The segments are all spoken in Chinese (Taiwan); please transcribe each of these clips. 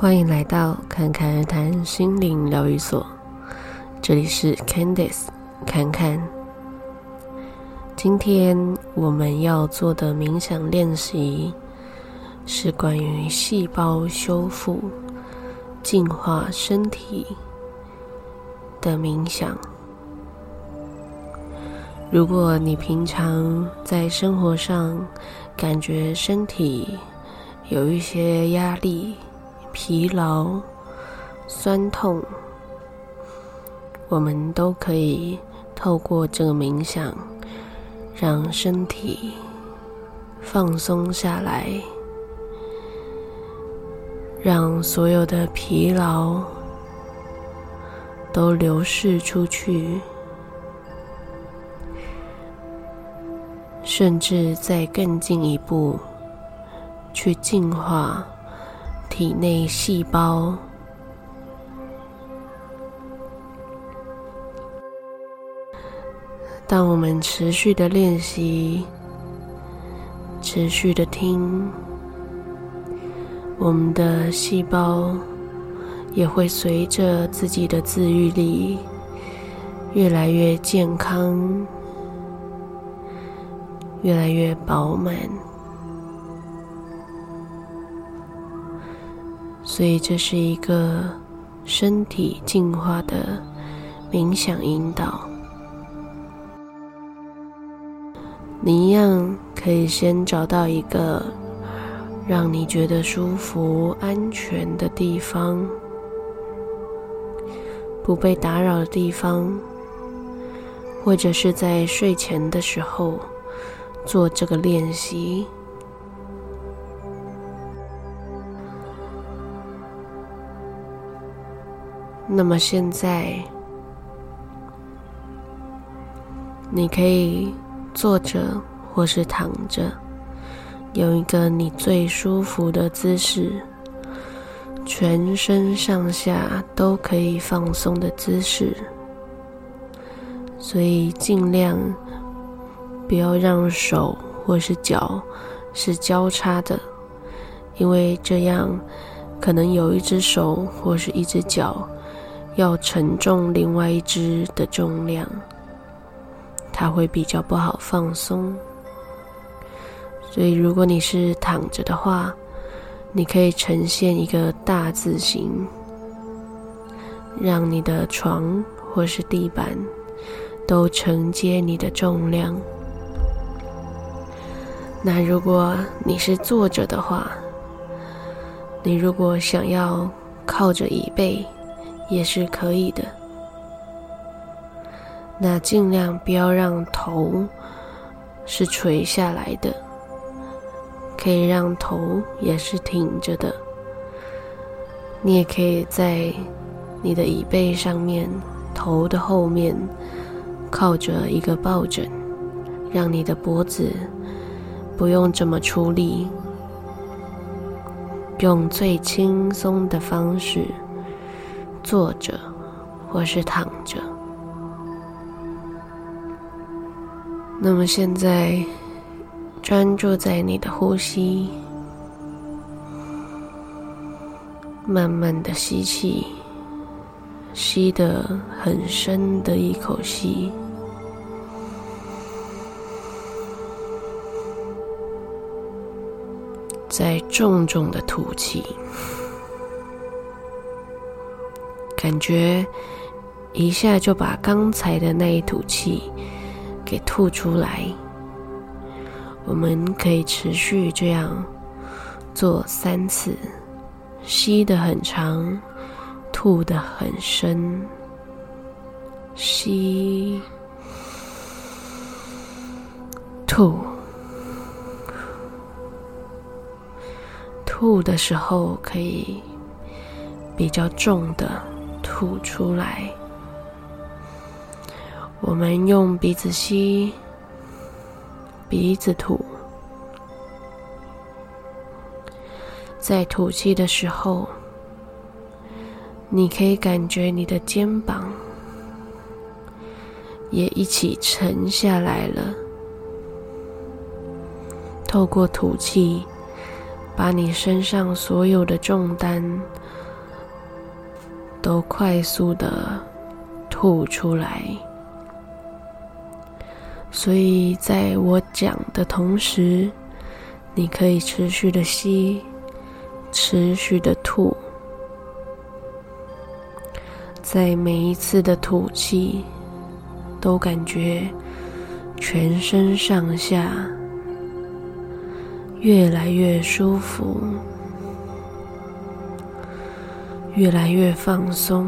歡迎來到坎坎而談心靈療癒所，這裡是 Candice 坎坎。今天我們要做的冥想練習是關於細胞修復、淨化身體的冥想。如果你平常在生活上感覺身體有一些壓力，疲勞、酸痛，我們都可以透過這個冥想，讓身體放鬆下來，讓所有的疲勞都流逝出去，甚至再更進一步去淨化。體內細胞，當我們持續的練習、持續的聽，我們的細胞也會隨着自己的自癒力越來越健康、越來越飽滿。所以這是一個身體淨化的冥想引導。你一樣可以先找到一個讓你覺得舒服、安全的地方，不被打擾的地方，或者是在睡前的時候做這個練習。那麼現在，你可以坐着或是躺着，有一個你最舒服的姿勢，全身上下都可以放鬆的姿勢。所以儘量不要讓手或是腳是交叉的，因為這樣可能有一隻手或是一隻腳。要承重另外一隻的重量，它會比較不好放鬆。所以，如果你是躺着的話，你可以呈現一個大字形，讓你的床或是地板都承接你的重量。那如果你是坐着的話，你如果想要靠着椅背，也是可以的。那盡量不要讓頭是垂下來的，可以讓頭也是挺着的。你也可以在你的椅背上面、頭的後面靠着一個抱枕，讓你的脖子不用這麼出力，用最輕鬆的方式。坐着，或是躺着。那麼現在，專注在你的呼吸，慢慢的吸氣，吸得很深的一口氣，再重重的吐氣。感覺一下，就把剛才的那一吐氣給吐出來。我們可以持續這樣做三次，吸得很長，吐得很深。吸，吐，吐的時候可以比較重的。吐出來。我們用鼻子吸，鼻子吐。在吐氣的時候，你可以感覺你的肩膀也一起沉下來了。透過吐氣，把你身上所有的重擔。都快速的吐出來，所以在我講的同時，你可以持續的吸，持續的吐。在每一次的吐氣，都感覺全身上下越來越舒服。越來越放鬆，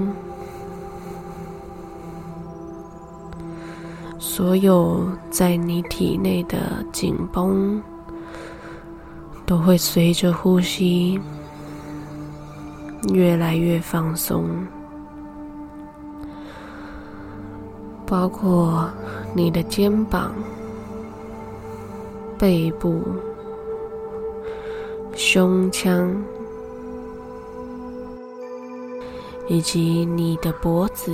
所有在你體內的緊繃都會隨着呼吸越來越放鬆，包括你的肩膀、背部、胸腔。以及你的脖子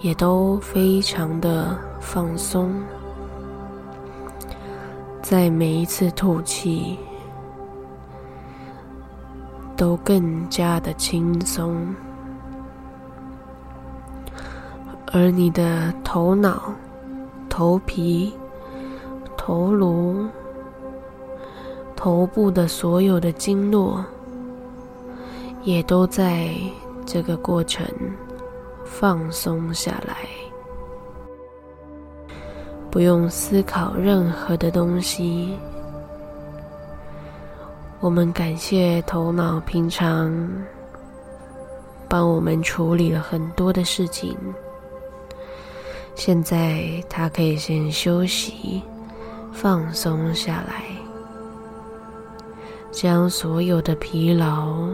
也都非常的放鬆，在每一次吐氣都更加的輕鬆，而你的頭腦、頭皮、頭顱、頭部的所有的經絡。也都在這個過程放鬆下來，不用思考任何的東西。我們感謝頭腦平常幫我們處理了很多的事情，現在他可以先休息、放鬆下來，將所有的疲勞。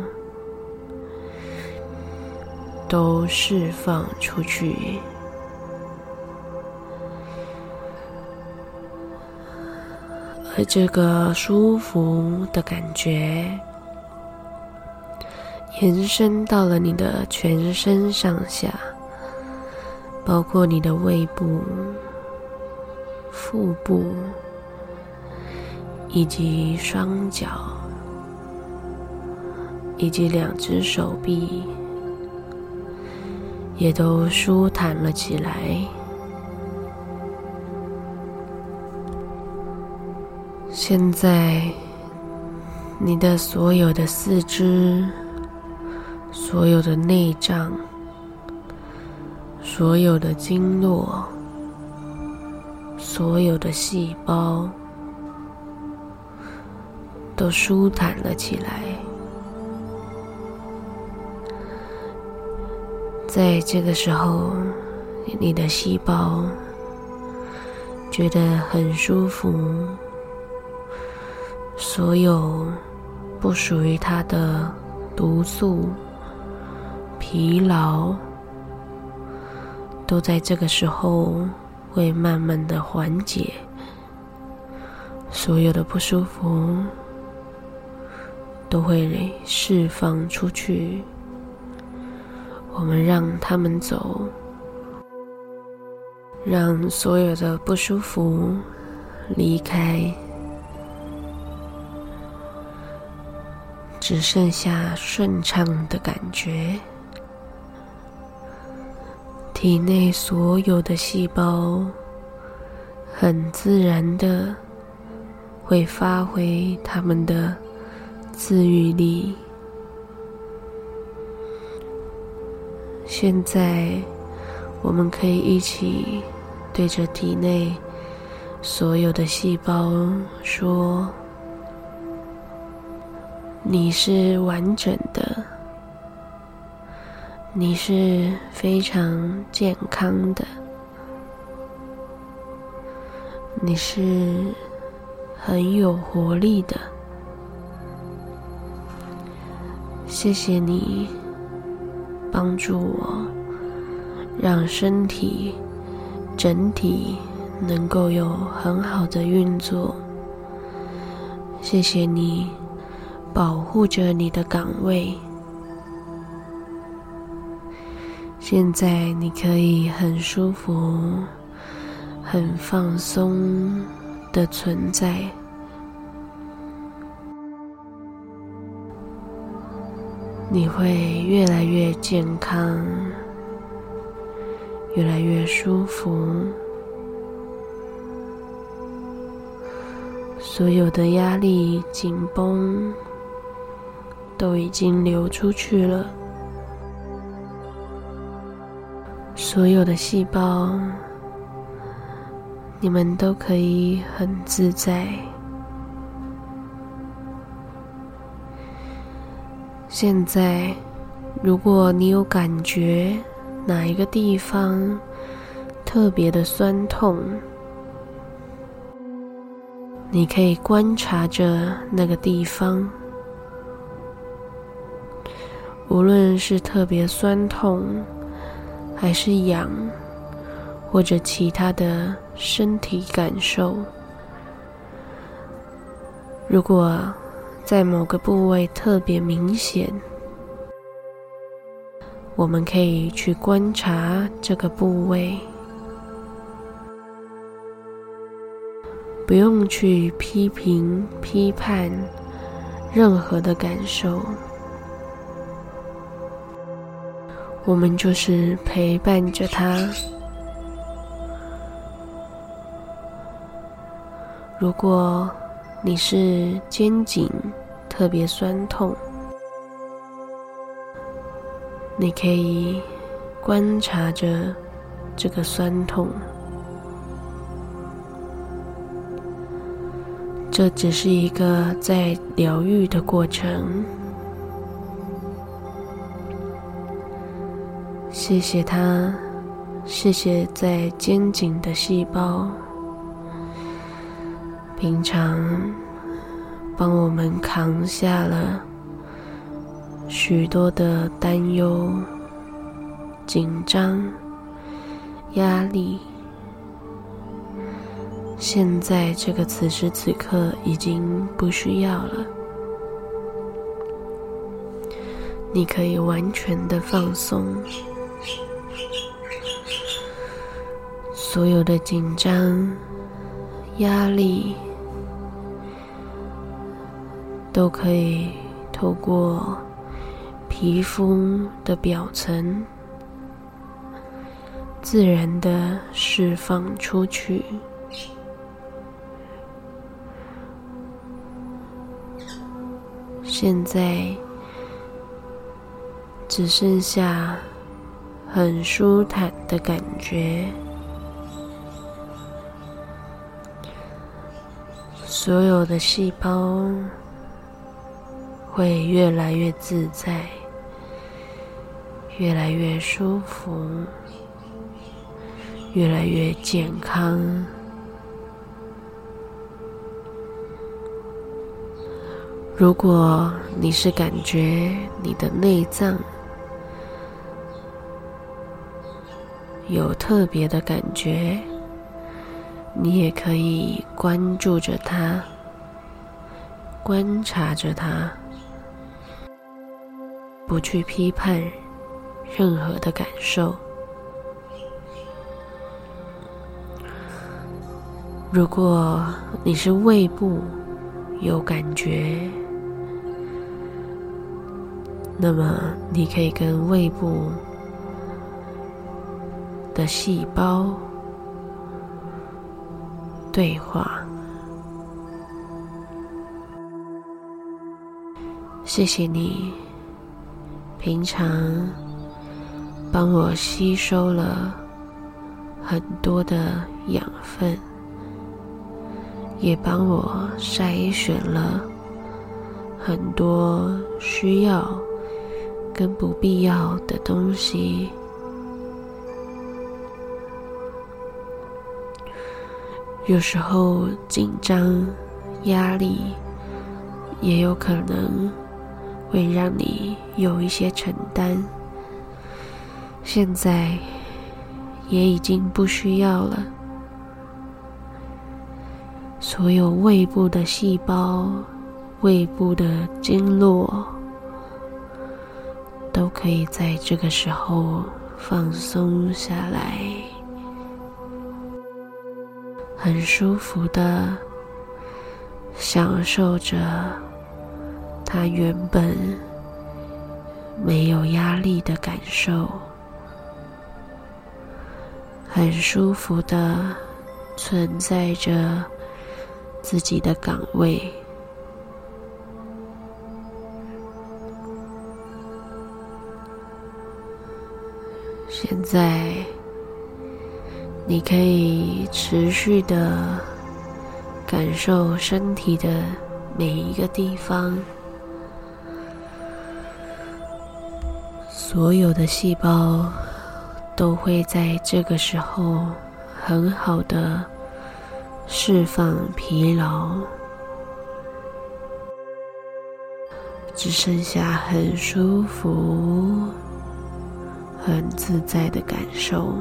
都釋放出去，而這個舒服的感覺延伸到了你的全身上下，包括你的胃部、腹部以及雙腳，以及兩隻手臂。也都舒坦了起來。現在，你的所有的四肢、所有的內臟、所有的經絡、所有的細胞，都舒坦了起來。在這個時候，你的細胞覺得很舒服，所有不屬於它的毒素、疲勞，都在這個時候會慢慢的緩解，所有的不舒服都會釋放出去。我們讓他們走，讓所有的不舒服離開，只剩下順暢的感覺。體內所有的細胞很自然的會發揮他們的自癒力。現在，我們可以一起對着體內所有的細胞說：“你是完整的，你是非常健康的，你是很有活力的。”謝謝你。幫助我，讓身體整體能夠有很好的運作。謝謝你，保護着你的崗位。現在你可以很舒服、很放鬆的存在。你會越來越健康，越來越舒服。所有的壓力、緊繃都已經流出去了。所有的細胞，你們都可以很自在。現在，如果你有感覺哪一個地方特別的痠痛，你可以觀察着那個地方，無論是特別痠痛，還是癢，或者其他的身體感受，如果。在某個部位特別明顯，我們可以去觀察這個部位，不用去批評、批判任何的感受，我們就是陪伴着它。如果。你是肩頸特別酸痛，你可以觀察着這個酸痛，這只是一個在療癒的過程。謝謝他，謝謝在肩頸的細胞。平常幫我們扛下了許多的擔憂、緊張、壓力，現在這個此時此刻已經不需要了，你可以完全的放鬆，所有的緊張、壓力。都可以透過皮膚的表層，自然的釋放出去。現在只剩下很舒坦的感覺，所有的細胞。會越來越自在，越來越舒服，越來越健康。如果你是感覺你的內臟有特別的感覺，你也可以關注着它，觀察着它。不去批判任何的感受。如果你是胃部有感覺，那麼你可以跟胃部的細胞對話。謝謝你。平常幫我吸收了很多的養分，也幫我篩選了很多需要跟不必要的東西。有時候緊張、壓力也有可能。會讓你有一些承擔，現在也已經不需要了。所有胃部的細胞、胃部的經絡，都可以在這個時候放鬆下來，很舒服的享受着。他原本沒有壓力的感受，很舒服的存在着自己的崗位。現在，你可以持續的感受身體的每一個地方。所有的細胞都會在這個時候很好的釋放疲勞，只剩下很舒服、很自在的感受。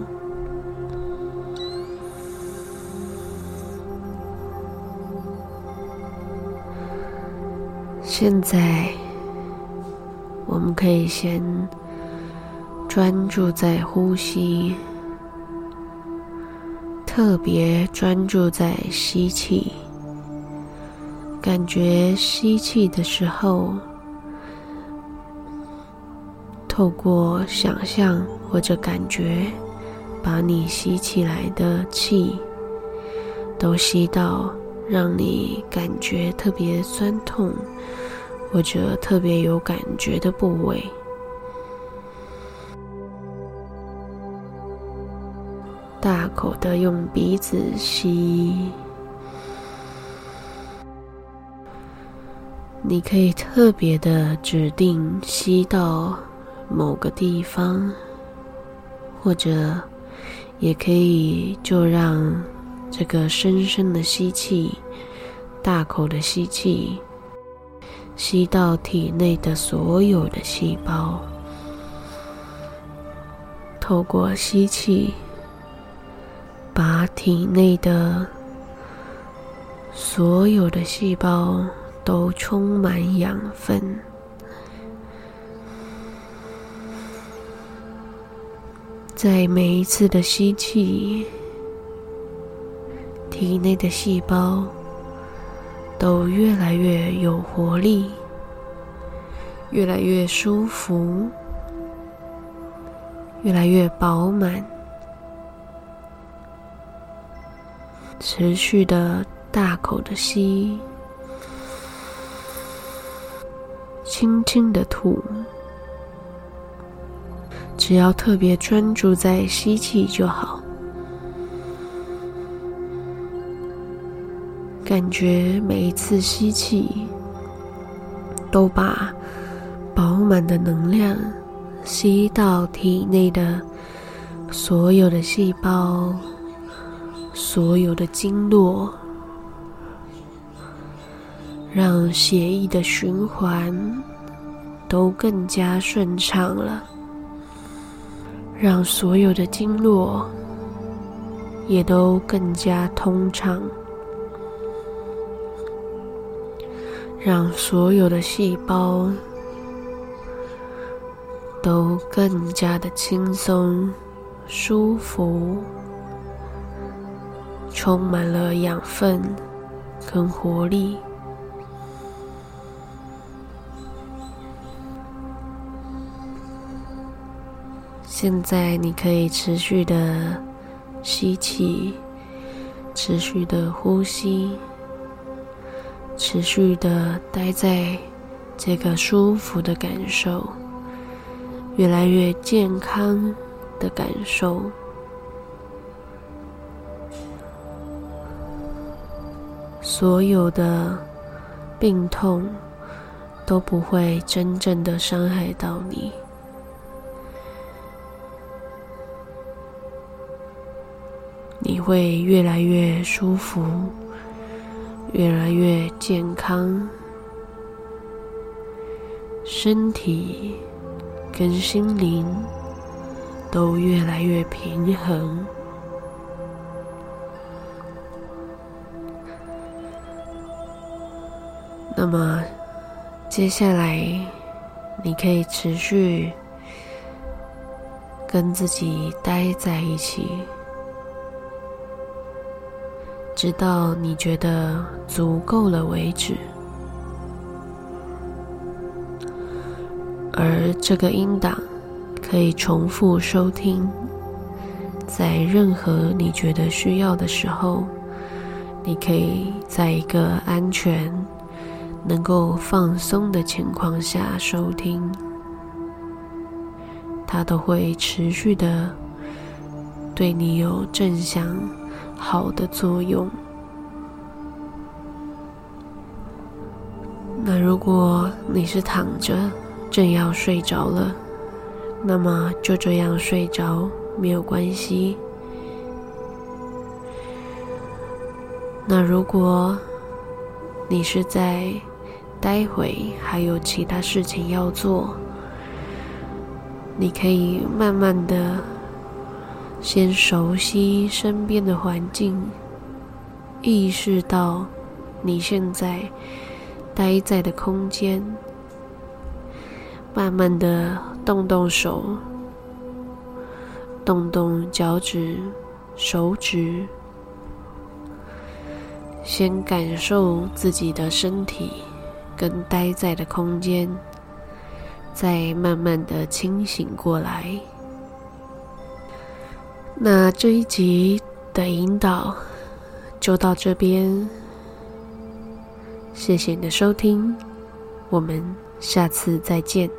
現在我們可以先。專注在呼吸，特別專注在吸氣。感覺吸氣的時候，透過想象或者感覺，把你吸起來的氣都吸到讓你感覺特別痠痛或者特別有感覺的部位。有的用鼻子吸，你可以特別的指定吸到某個地方，或者也可以就讓這個深深的吸氣，大口的吸氣，吸到體內的所有的細胞，透過吸氣。把體內的所有的細胞都充滿養分，在每一次的吸氣，體內的細胞都越來越有活力，越來越舒服，越來越飽滿。持續的大口的吸，輕輕的吐。只要特別專注在吸氣就好，感覺每一次吸氣都把飽滿的能量吸到體內的所有的細胞。所有的經絡，讓血液的循環都更加順暢了，讓所有的經絡也都更加通暢，讓所有的細胞都更加的輕鬆、舒服。充滿了養分跟活力。現在你可以持續的吸氣，持續的呼吸，持續的待在這個舒服的感受，越來越健康的感受。所有的病痛都不會真正的傷害到你，你會越來越舒服，越來越健康，身體跟心靈都越來越平衡。那麼，接下來你可以持續跟自己待在一起，直到你覺得足夠了為止。而這個音檔可以重複收聽，在任何你覺得需要的時候，你可以在一個安全。能夠放鬆的情況下收聽，它都會持續的對你有正向好的作用。那如果你是躺着，正要睡着了，那麼就這樣睡着沒有關係。那如果你是在。待會還有其他事情要做，你可以慢慢的先熟悉身邊的環境，意識到你現在待在的空間，慢慢的動動手，動動腳趾、手指，先感受自己的身體。跟待在的空間，再慢慢的清醒過來。那這一集的引導就到這邊，謝謝你的收聽，我們下次再見。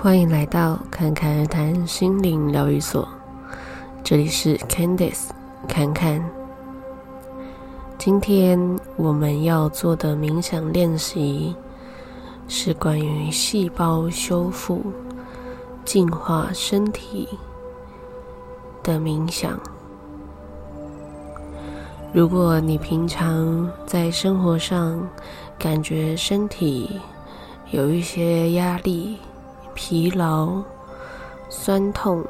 歡迎來到坎坎而談心靈療癒所，這裡是 Candice 坎坎。今天我們要做的冥想練習是關於細胞修復、淨化身體的冥想。如果你平常在生活上感覺身體有一些壓力，疲勞、酸痛，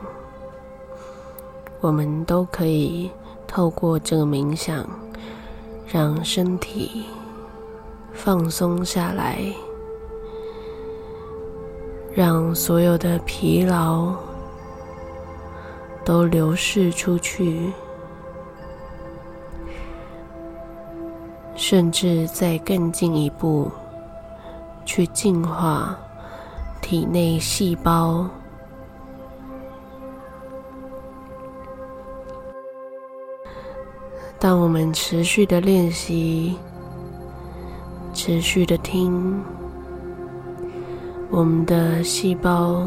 我們都可以透過這個冥想，讓身體放鬆下來，讓所有的疲勞都流逝出去，甚至再更進一步去淨化。體內細胞，當我們持續的練習、持續的聽，我們的細胞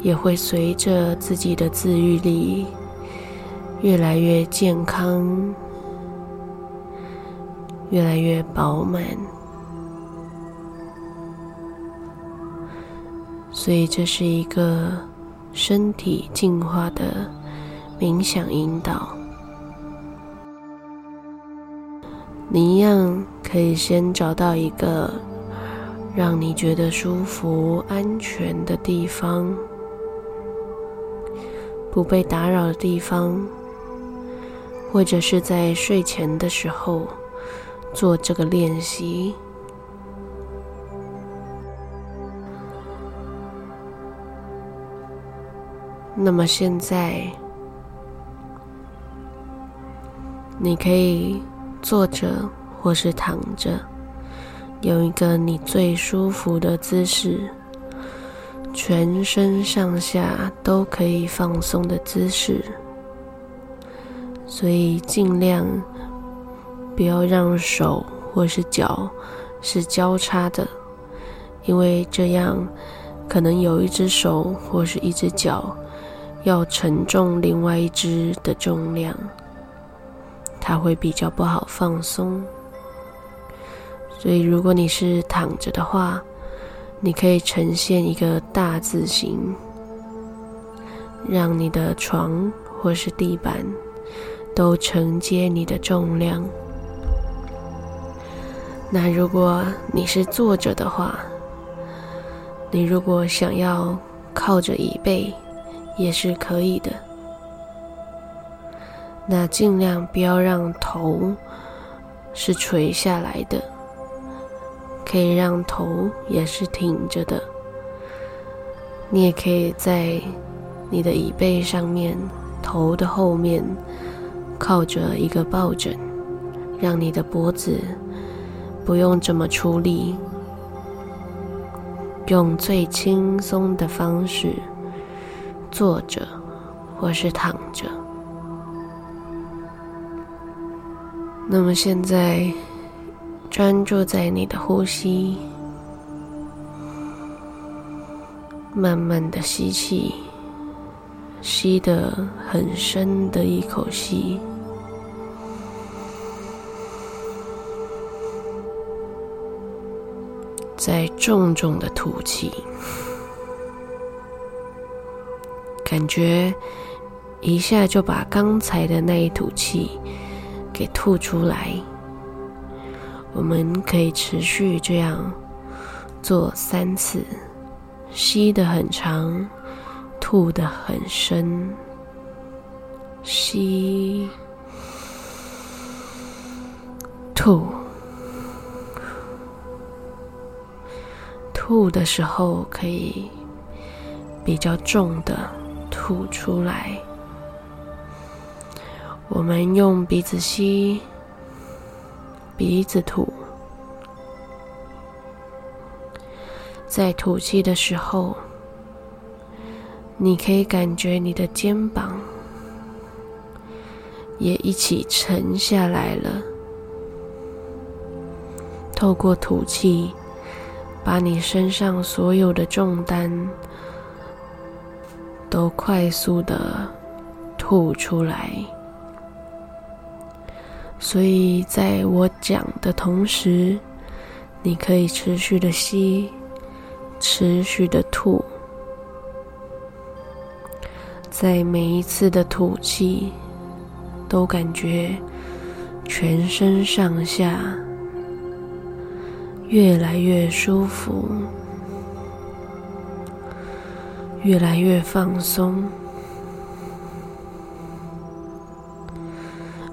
也會隨着自己的自癒力越來越健康、越來越飽滿。所以這是一個身體淨化的冥想引導。你一樣可以先找到一個讓你覺得舒服、安全的地方，不被打擾的地方，或者是在睡前的時候做這個練習。那麼現在，你可以坐着或是躺着，用一個你最舒服的姿勢，全身上下都可以放鬆的姿勢。所以盡量不要讓手或是腳是交叉的，因為這樣可能有一隻手或是一隻腳。要承重另外一隻的重量，它會比較不好放鬆。所以，如果你是躺着的話，你可以呈現一個大字形，讓你的床或是地板都承接你的重量。那如果你是坐着的話，你如果想要靠着椅背，也是可以的。那盡量不要讓頭是垂下來的，可以讓頭也是挺着的。你也可以在你的椅背上面、頭的後面靠着一個抱枕，讓你的脖子不用這麼出力，用最輕鬆的方式。坐着，或是躺着。那麼現在，專注在你的呼吸，慢慢的吸氣，吸得很深的一口氣，再重重的吐氣。感覺一下，就把剛才的那一吐氣給吐出來。我們可以持續這樣做三次，吸得很長，吐得很深。吸，吐，吐的時候可以比較重的，吐出來。我們用鼻子吸，鼻子吐。在吐氣的時候，你可以感覺你的肩膀也一起沉下來了。透過吐氣，把你身上所有的重擔。都快速的吐出來，所以在我講的同時，你可以持續的吸，持續的吐，在每一次的吐氣，都感覺全身上下越來越舒服。越來越放鬆，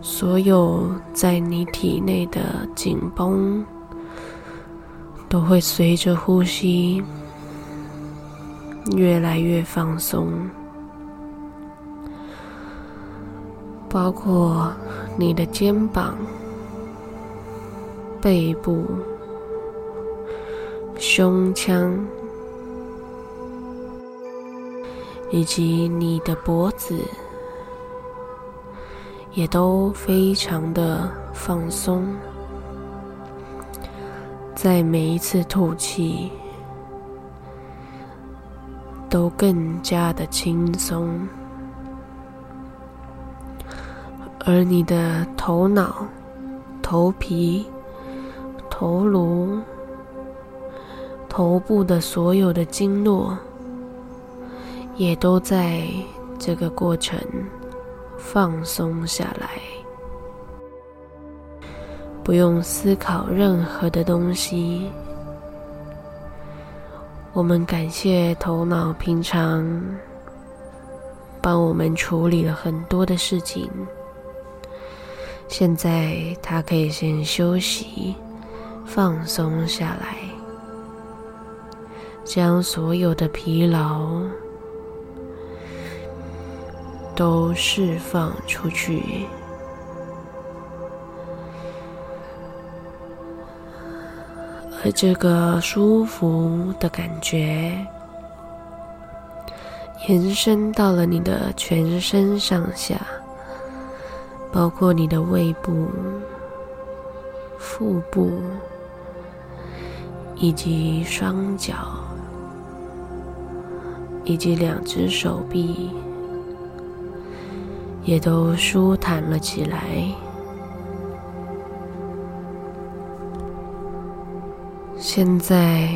所有在你體內的緊繃都會隨着呼吸越來越放鬆，包括你的肩膀、背部、胸腔。以及你的脖子也都非常的放鬆，在每一次吐氣都更加的輕鬆，而你的頭腦、頭皮、頭顱、頭部的所有的經絡。也都在這個過程放鬆下來，不用思考任何的東西。我們感謝頭腦平常幫我們處理了很多的事情，現在它可以先休息、放鬆下來，將所有的疲勞。都釋放出去，而這個舒服的感覺延伸到了你的全身上下，包括你的胃部、腹部以及雙腳，以及兩隻手臂。也都舒坦了起來。現在，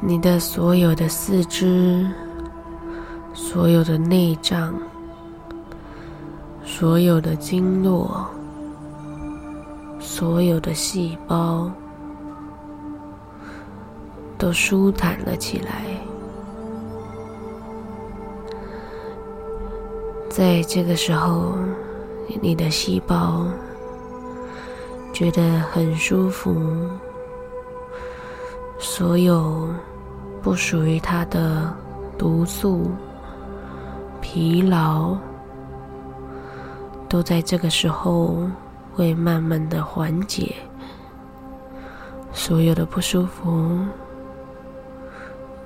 你的所有的四肢、所有的內臟、所有的經絡、所有的細胞，都舒坦了起來。在這個時候，你的細胞覺得很舒服，所有不屬於它的毒素、疲勞，都在這個時候會慢慢的緩解，所有的不舒服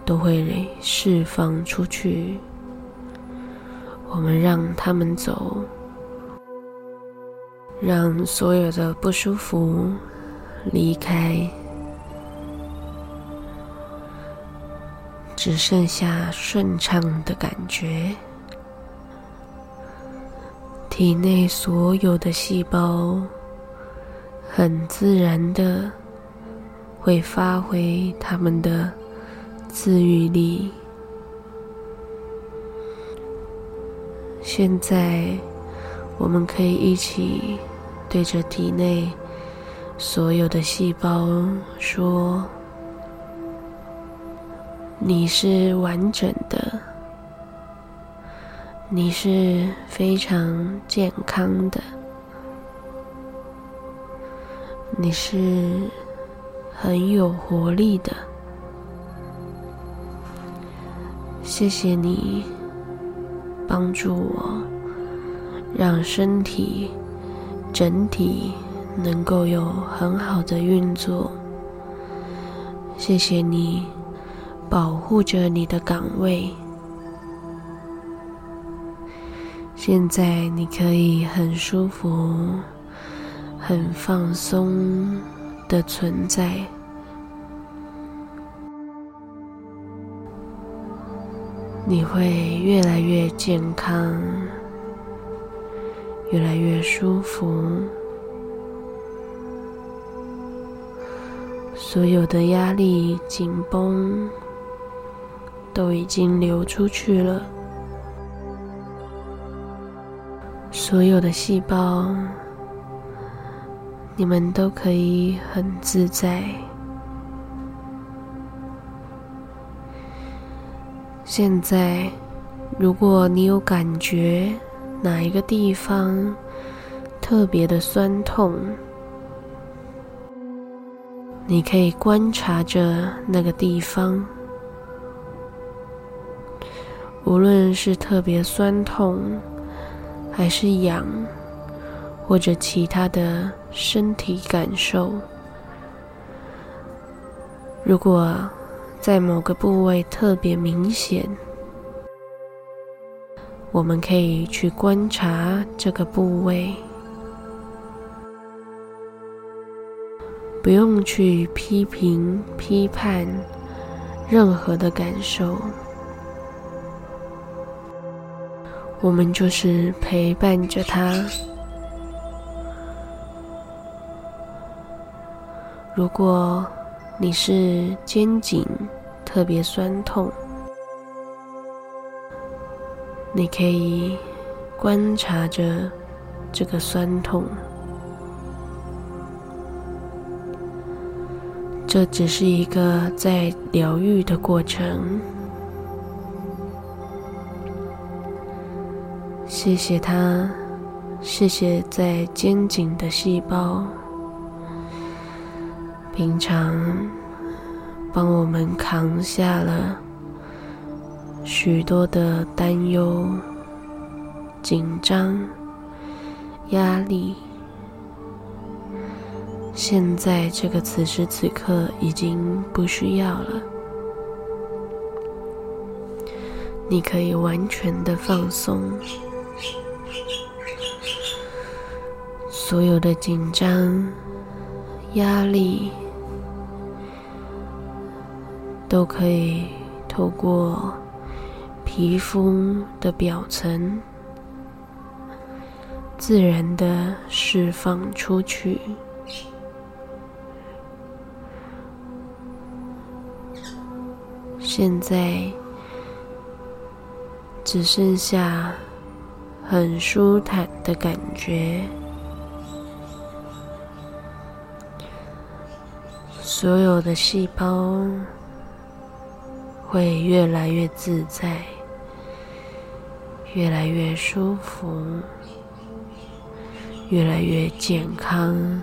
都會釋放出去。我們讓他們走，讓所有的不舒服離開，只剩下順暢的感覺。體內所有的細胞很自然的會發揮他們的自癒力。現在，我們可以一起對着體內所有的細胞說：“你是完整的，你是非常健康的，你是很有活力的。”謝謝你。幫助我，讓身體整體能夠有很好的運作。謝謝你，保護着你的崗位。現在你可以很舒服、很放鬆的存在。你會越來越健康，越來越舒服。所有的壓力、緊繃都已經流出去了。所有的細胞，你們都可以很自在。現在，如果你有感覺哪一個地方特別的痠痛，你可以觀察着那個地方，無論是特別痠痛，還是癢，或者其他的身體感受，如果，在某個部位特別明顯，我們可以去觀察這個部位，不用去批評、批判任何的感受，我們就是陪伴着它。如果你是肩頸，特別酸痛，你可以觀察着這個酸痛，這只是一個在療癒的過程。謝謝它，謝謝在肩頸的細胞，平常。幫我們扛下了許多的擔憂、緊張、壓力。現在這個此時此刻已經不需要了，你可以完全的放鬆所有的緊張、壓力。都可以透過皮膚的表層，自然的釋放出去。現在只剩下很舒坦的感覺，所有的細胞，會越來越自在，越來越舒服，越來越健康。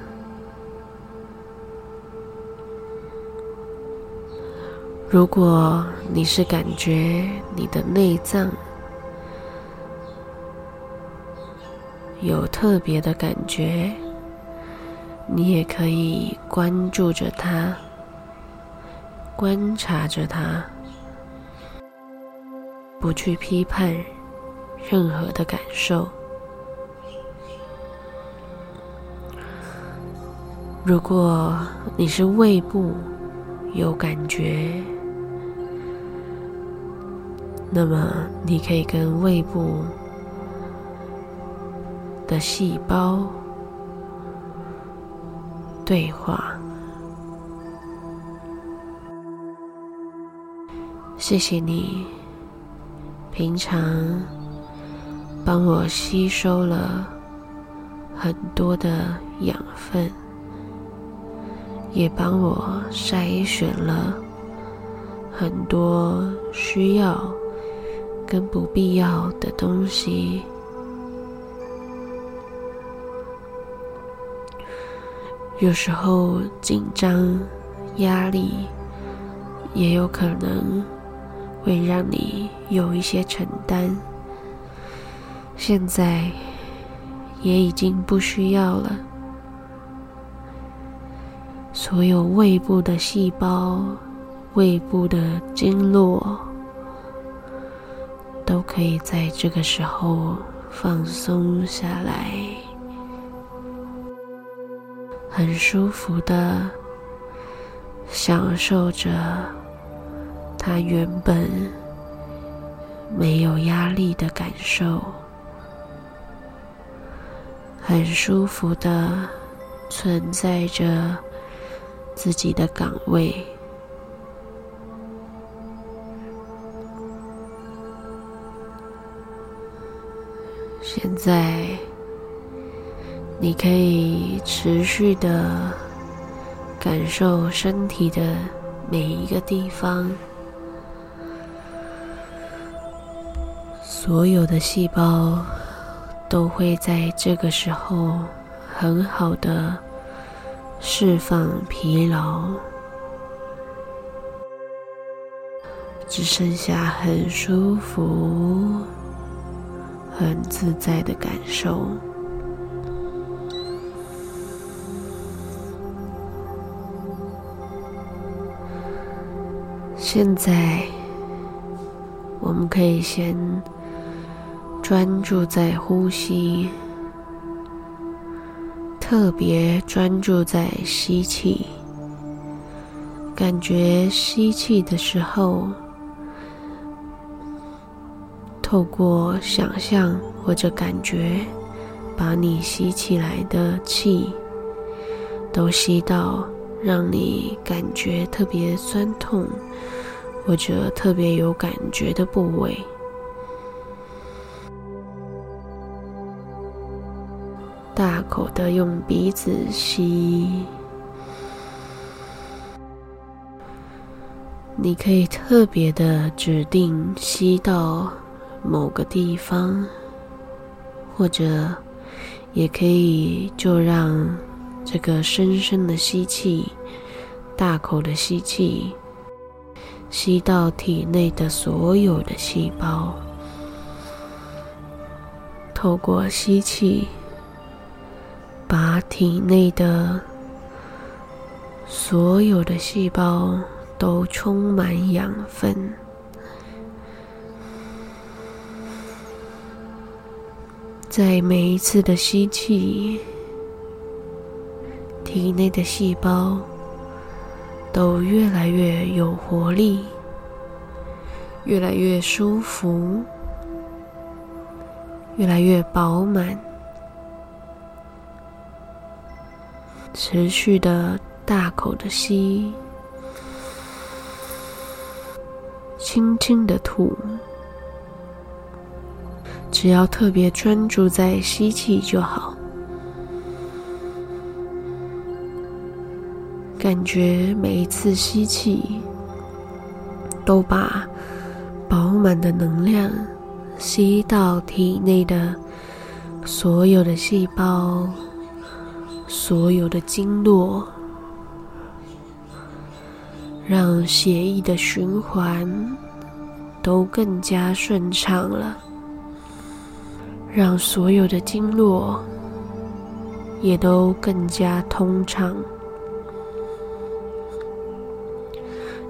如果你是感覺你的內臟有特別的感覺，你也可以關注着它，觀察着它。不去批判任何的感受。如果你是胃部有感覺，那麼你可以跟胃部的細胞對話。謝謝你。平常幫我吸收了很多的養分，也幫我篩選了很多需要跟不必要的東西。有時候緊張、壓力也有可能。會讓你有一些承擔，現在也已經不需要了。所有胃部的細胞、胃部的經絡，都可以在這個時候放鬆下來，很舒服的享受着。他原本沒有壓力的感受，很舒服的存在着自己的崗位。現在，你可以持續的感受身體的每一個地方。所有的細胞都會在這個時候很好的釋放疲勞，只剩下很舒服、很自在的感受。現在我們可以先。專注在呼吸，特別專注在吸氣，感覺吸氣的時候，透過想象或者感覺，把你吸起來的氣都吸到讓你感覺特別痠痛或者特別有感覺的部位。大口的用鼻子吸，你可以特別的指定吸到某個地方，或者也可以就讓這個深深的吸氣，大口的吸氣，吸到體內的所有的細胞，透過吸氣。把體內的所有的細胞都充滿養分，在每一次的吸氣，體內的細胞都越來越有活力，越來越舒服，越來越飽滿。持續的大口的吸，輕輕的吐，只要特別專注在吸氣就好。感覺每一次吸氣，都把飽滿的能量吸到體內的所有的細胞。所有的經絡，讓血液的循環都更加順暢了，讓所有的經絡也都更加通暢，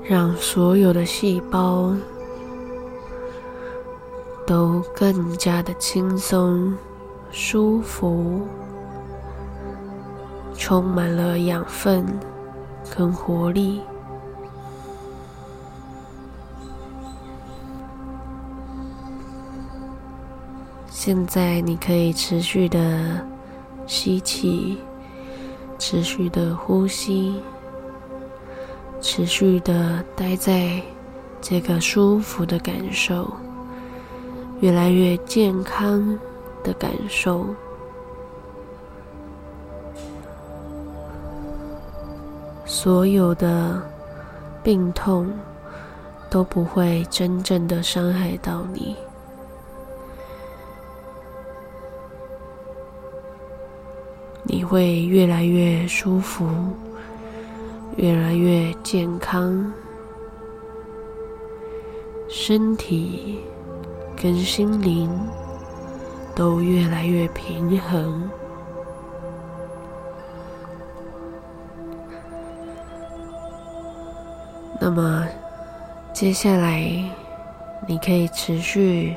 讓所有的細胞都更加的輕鬆、舒服。充滿了養分跟活力。現在你可以持續的吸氣，持續的呼吸，持續的待在這個舒服的感受，越來越健康的感受。所有的病痛都不會真正的傷害到你，你會越來越舒服，越來越健康，身體跟心靈都越來越平衡。那麼，接下來你可以持續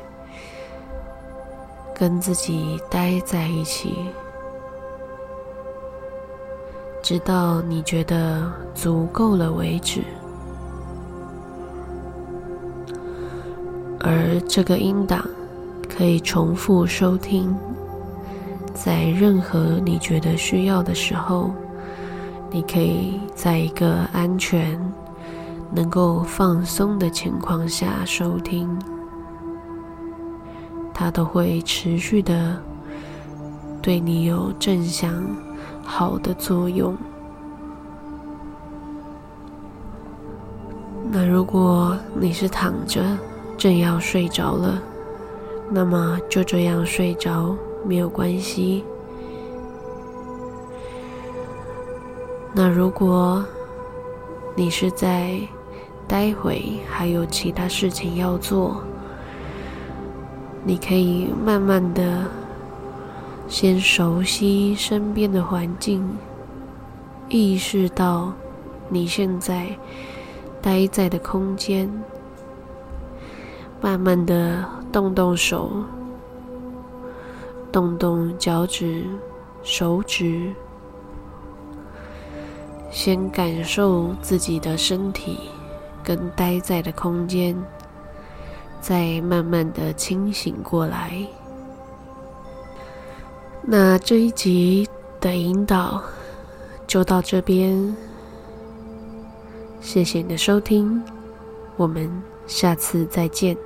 跟自己待在一起，直到你覺得足夠了為止。而這個音檔可以重複收聽，在任何你覺得需要的時候，你可以在一個安全。能夠放鬆的情況下收聽，它都會持續的對你有正向好的作用。那如果你是躺着，正要睡着了，那麼就這樣睡着沒有關係。那如果你是在。待會還有其他事情要做，你可以慢慢的先熟悉身邊的環境，意識到你現在待在的空間，慢慢的動動手，動動腳趾、手指，先感受自己的身體。跟待在的空間，再慢慢的清醒過來。那這一集的引導就到這邊，謝謝你的收聽，我們下次再見。